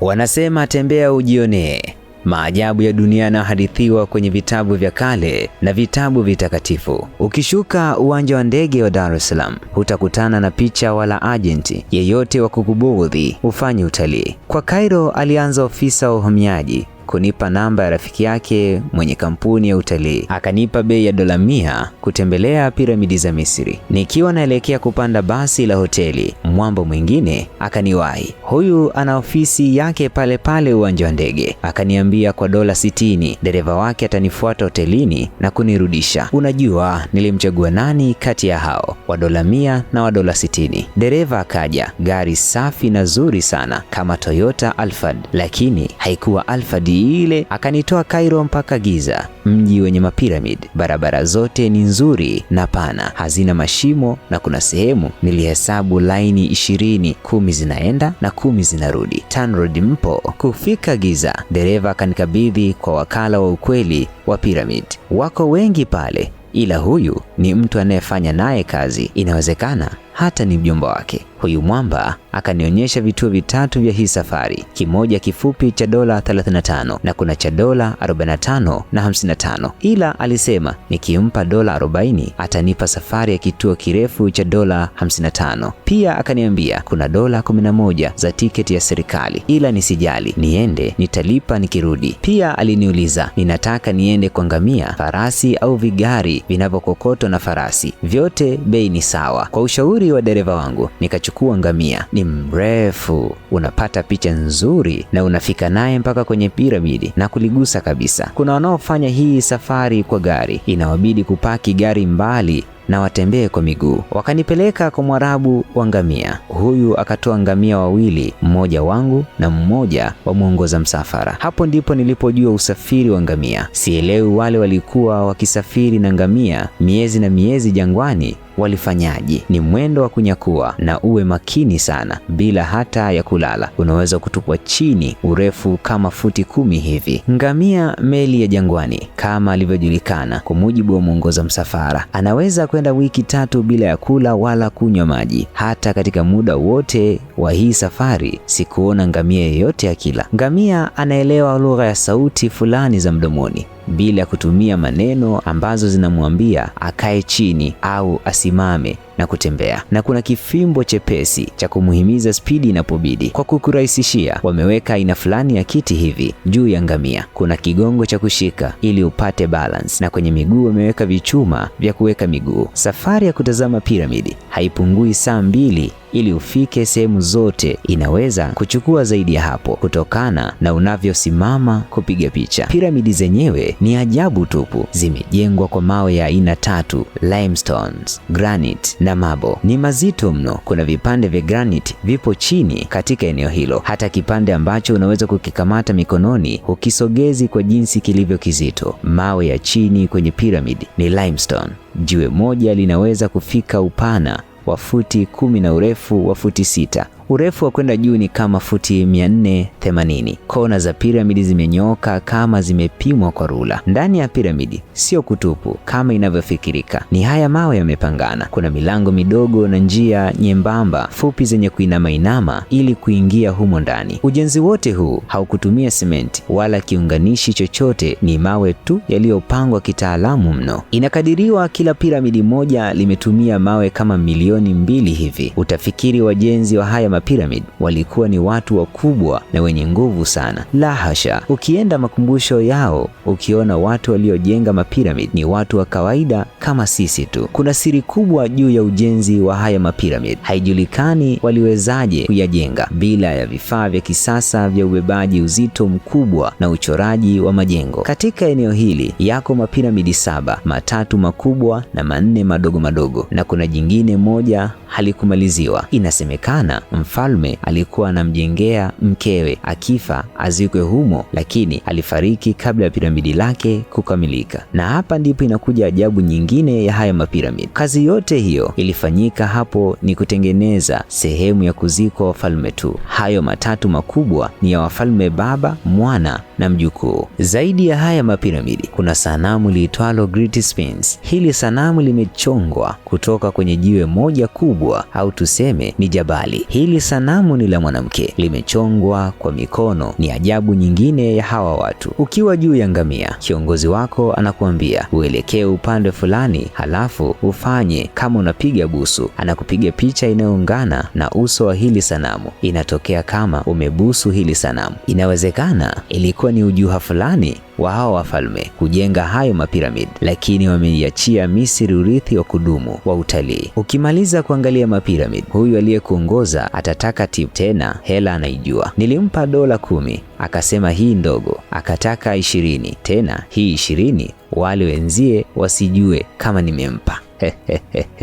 Wanasema tembea ujionee maajabu ya dunia yanayohadithiwa kwenye vitabu vya kale na vitabu vitakatifu. Ukishuka uwanja wa ndege wa Dar es Salaam hutakutana na picha wala ajenti yeyote wa kukubudhi ufanye utalii. Kwa Cairo alianza ofisa wa uhamiaji kunipa namba ya rafiki yake mwenye kampuni ya utalii, akanipa bei ya dola mia kutembelea piramidi za Misri. Nikiwa naelekea kupanda basi la hoteli, mwambo mwingine akaniwahi. Huyu ana ofisi yake pale pale uwanja wa ndege, akaniambia kwa dola sitini dereva wake atanifuata hotelini na kunirudisha. Unajua nilimchagua nani kati ya hao wa dola mia na wa dola sitini? Dereva akaja, gari safi na zuri sana kama Toyota Alphard, lakini haikuwa Alphard ile, akanitoa Kairo mpaka Giza, mji wenye mapiramidi. Barabara zote ni nzuri na pana, hazina mashimo, na kuna sehemu nilihesabu laini ishirini, kumi zinaenda na kumi zinarudi. TANROADS mpo. Kufika Giza, dereva akanikabidhi kwa wakala wa ukweli wa piramidi. Wako wengi pale ila huyu ni mtu anayefanya naye kazi, inawezekana hata ni mjomba wake. Huyu mwamba akanionyesha vituo vitatu vya hii safari, kimoja kifupi cha dola 35 na kuna cha dola 45 na 55, ila alisema nikimpa dola 40 atanipa safari ya kituo kirefu cha dola 55. Pia akaniambia kuna dola 11 za tiketi ya serikali, ila nisijali, niende nitalipa nikirudi. Pia aliniuliza ninataka niende kwa ngamia, farasi au vigari vinavyokokotwa na farasi, vyote bei ni sawa. Kwa ushauri wa dereva wangu nikachukua ngamia ni mrefu, unapata picha nzuri na unafika naye mpaka kwenye piramidi na kuligusa kabisa. Kuna wanaofanya hii safari kwa gari, inawabidi kupaki gari mbali na watembee kwa miguu. Wakanipeleka kwa Mwarabu wa ngamia. Huyu akatoa ngamia wawili, mmoja wangu na mmoja wa mwongoza msafara. Hapo ndipo nilipojua usafiri wa ngamia. Sielewi wale walikuwa wakisafiri na ngamia miezi na miezi jangwani walifanyaje? Ni mwendo wa kunyakua na uwe makini sana, bila hata ya kulala. Unaweza kutupwa chini, urefu kama futi kumi hivi. Ngamia meli ya jangwani kama alivyojulikana kwa mujibu wa mwongoza msafara, anaweza kwenda wiki tatu bila ya kula wala kunywa maji. Hata katika muda wote wa hii safari sikuona ngamia yeyote akila. Ngamia anaelewa lugha ya sauti fulani za mdomoni bila kutumia maneno ambazo zinamwambia akae chini au asimame na kutembea, na kuna kifimbo chepesi cha kumuhimiza spidi inapobidi. Kwa kukurahisishia, wameweka aina fulani ya kiti hivi juu ya ngamia. Kuna kigongo cha kushika ili upate balance, na kwenye miguu wameweka vichuma vya kuweka miguu. Safari ya kutazama piramidi haipungui saa mbili ili ufike sehemu zote, inaweza kuchukua zaidi ya hapo kutokana na unavyosimama kupiga picha. Piramidi zenyewe ni ajabu tupu, zimejengwa kwa mawe ya aina tatu, limestones, granite na na Mabo ni mazito mno. Kuna vipande vya granite vipo chini katika eneo hilo. Hata kipande ambacho unaweza kukikamata mikononi hukisogezi kwa jinsi kilivyo kizito. Mawe ya chini kwenye piramidi ni limestone. Jiwe moja linaweza kufika upana wa futi kumi na urefu wa futi sita. Urefu wa kwenda juu ni kama futi 480. Kona za piramidi zimenyooka kama zimepimwa kwa rula. Ndani ya piramidi sio kutupu kama inavyofikirika, ni haya mawe yamepangana. Kuna milango midogo na njia nyembamba fupi zenye kuinamainama ili kuingia humo ndani. Ujenzi wote huu haukutumia simenti wala kiunganishi chochote, ni mawe tu yaliyopangwa kitaalamu mno. Inakadiriwa kila piramidi moja limetumia mawe kama milioni mbili hivi. Utafikiri wajenzi wa haya mapiramid walikuwa ni watu wakubwa na wenye nguvu sana. La hasha, ukienda makumbusho yao ukiona watu waliojenga mapiramid ni watu wa kawaida kama sisi tu. Kuna siri kubwa juu ya ujenzi wa haya mapiramid, haijulikani waliwezaje kuyajenga bila ya vifaa vya kisasa vya ubebaji uzito mkubwa na uchoraji wa majengo. Katika eneo hili yako mapiramidi saba, matatu makubwa na manne madogo madogo, na kuna jingine moja halikumaliziwa. Inasemekana mfalme alikuwa anamjengea mkewe, akifa azikwe humo, lakini alifariki kabla ya piramidi lake kukamilika. Na hapa ndipo inakuja ajabu nyingine ya haya mapiramidi. Kazi yote hiyo ilifanyika hapo ni kutengeneza sehemu ya kuzikwa wafalme tu. Hayo matatu makubwa ni ya wafalme Baba, Mwana na mjukuu. Zaidi ya haya mapiramidi, kuna sanamu liitwalo Great Sphinx. Hili sanamu limechongwa kutoka kwenye jiwe moja kubwa au tuseme ni jabali. Hili sanamu ni la mwanamke, limechongwa kwa mikono. Ni ajabu nyingine ya hawa watu. Ukiwa juu ya ngamia, kiongozi wako anakuambia uelekee upande fulani, halafu ufanye kama unapiga busu. Anakupiga picha inayoungana na uso wa hili sanamu, inatokea kama umebusu hili sanamu. Inawezekana ilikuwa ilikuwa ni ujuha fulani wa hawa wafalme kujenga hayo mapiramidi, lakini wameiachia Misri urithi wa kudumu wa utalii. Ukimaliza kuangalia mapiramidi, huyu aliyekuongoza atataka tip tena, hela anaijua. Nilimpa dola kumi, akasema hii ndogo, akataka ishirini tena, hii ishirini wale wenzie wasijue kama nimempa.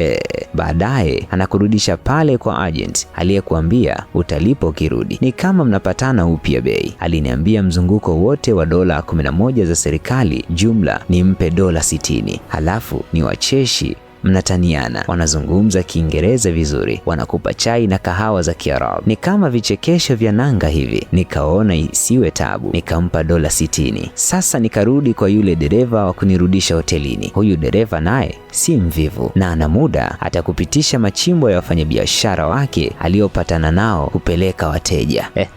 Baadaye anakurudisha pale kwa agent aliyekuambia utalipo ukirudi, ni kama mnapatana upya bei. Aliniambia mzunguko wote wa dola 11 za serikali jumla nimpe dola 60, halafu ni wacheshi mnataniana, wanazungumza Kiingereza vizuri, wanakupa chai na kahawa za Kiarabu, ni kama vichekesho vya nanga hivi. Nikaona isiwe tabu, nikampa dola sitini. Sasa nikarudi kwa yule dereva wa kunirudisha hotelini. Huyu dereva naye si mvivu na ana muda atakupitisha machimbo ya wafanyabiashara wake aliyopatana nao kupeleka wateja.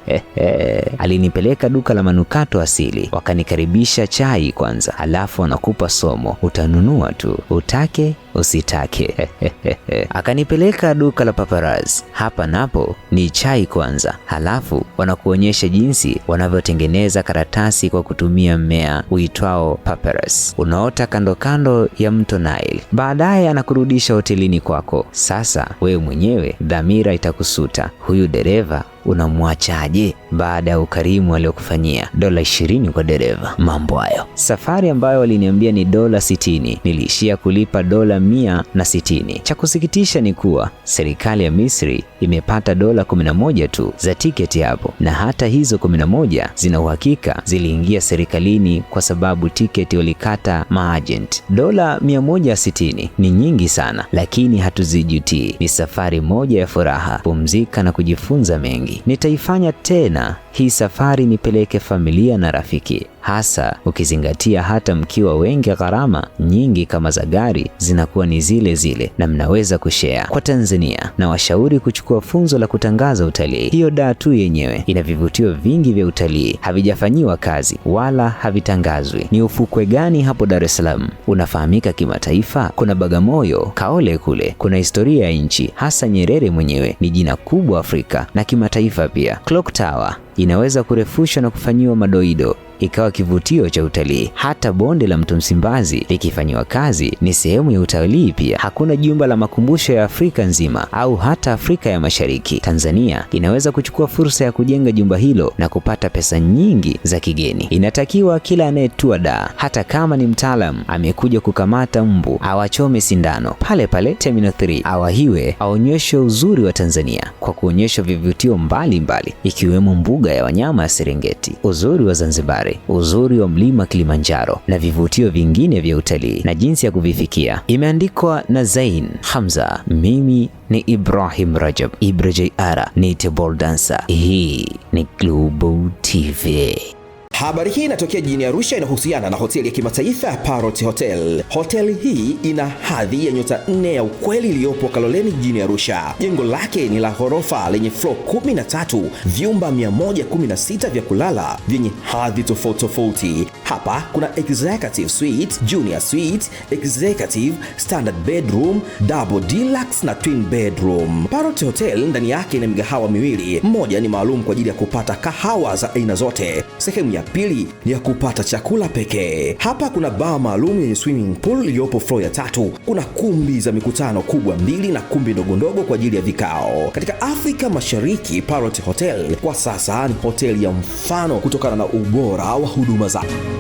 Alinipeleka duka la manukato asili, wakanikaribisha chai kwanza, halafu wanakupa somo, utanunua tu utake usitake. Akanipeleka duka la paparazzi. Hapa napo ni chai kwanza, halafu wanakuonyesha jinsi wanavyotengeneza karatasi kwa kutumia mmea uitwao papyrus, unaota kando kando ya mto Nile. Baadaye anakurudisha hotelini kwako. Sasa wewe mwenyewe dhamira itakusuta, huyu dereva unamwachaje baada ya ukarimu aliokufanyia? Dola ishirini kwa dereva, mambo hayo. Safari ambayo waliniambia ni dola sitini niliishia kulipa dola mia na sitini. Cha kusikitisha ni kuwa serikali ya Misri imepata dola kumi na moja tu za tiketi hapo, na hata hizo kumi na moja zina uhakika ziliingia serikalini kwa sababu tiketi walikata maagent. Dola mia moja sitini ni nyingi sana, lakini hatuzijutii. Ni safari moja ya furaha, pumzika na kujifunza mengi. Nitaifanya tena hii safari, nipeleke familia na rafiki hasa ukizingatia hata mkiwa wengi, gharama nyingi kama za gari zinakuwa ni zile zile na mnaweza kushea Kwa Tanzania, na washauri kuchukua funzo la kutangaza utalii. Hiyo Dar tu yenyewe ina vivutio vingi vya utalii, havijafanyiwa kazi wala havitangazwi. Ni ufukwe gani hapo Dar es Salaam unafahamika kimataifa? Kuna Bagamoyo, Kaole kule, kuna historia ya nchi, hasa Nyerere mwenyewe ni jina kubwa Afrika na kimataifa pia. Clock Tower inaweza kurefushwa na kufanyiwa madoido ikawa kivutio cha utalii. Hata bonde la mto Msimbazi likifanyiwa kazi ni sehemu ya utalii pia. Hakuna jumba la makumbusho ya Afrika nzima au hata Afrika ya Mashariki. Tanzania inaweza kuchukua fursa ya kujenga jumba hilo na kupata pesa nyingi za kigeni. Inatakiwa kila anayetua daa, hata kama ni mtaalam, amekuja kukamata mbu, awachome sindano pale pale Terminal 3, awahiwe, aonyeshe uzuri wa Tanzania kwa kuonyesha vivutio mbalimbali, ikiwemo mbuga ya wanyama ya Serengeti, uzuri wa Zanzibar safari, uzuri wa mlima Kilimanjaro na vivutio vingine vya utalii na jinsi ya kuvifikia. Imeandikwa na Zain Hamza. Mimi ni Ibrahim Rajab Ibra JR, ni table dancer. Hii ni Global TV. Habari hii inatokea jijini Arusha, inahusiana na hoteli ya kimataifa ya Parrot Hotel. Hoteli hii ina hadhi ya nyota nne ya ukweli iliyopo Kaloleni jijini Arusha. Jengo lake ni la ghorofa lenye floor 13, vyumba 116 vya kulala vyenye hadhi tofauti tofauti hapa kuna executive suite, junior suite, executive, standard bedroom, double deluxe na twin bedroom. Parrot Hotel ndani yake ina migahawa miwili, moja ni maalum kwa ajili ya kupata kahawa za aina zote, sehemu ya pili ni ya kupata chakula pekee. Hapa kuna baa maalum yenye swimming pool iliyopo floor ya tatu. Kuna kumbi za mikutano kubwa mbili na kumbi ndogondogo kwa ajili ya vikao. Katika Afrika Mashariki, Parrot Hotel kwa sasa ni hoteli ya mfano kutokana na ubora wa huduma zake.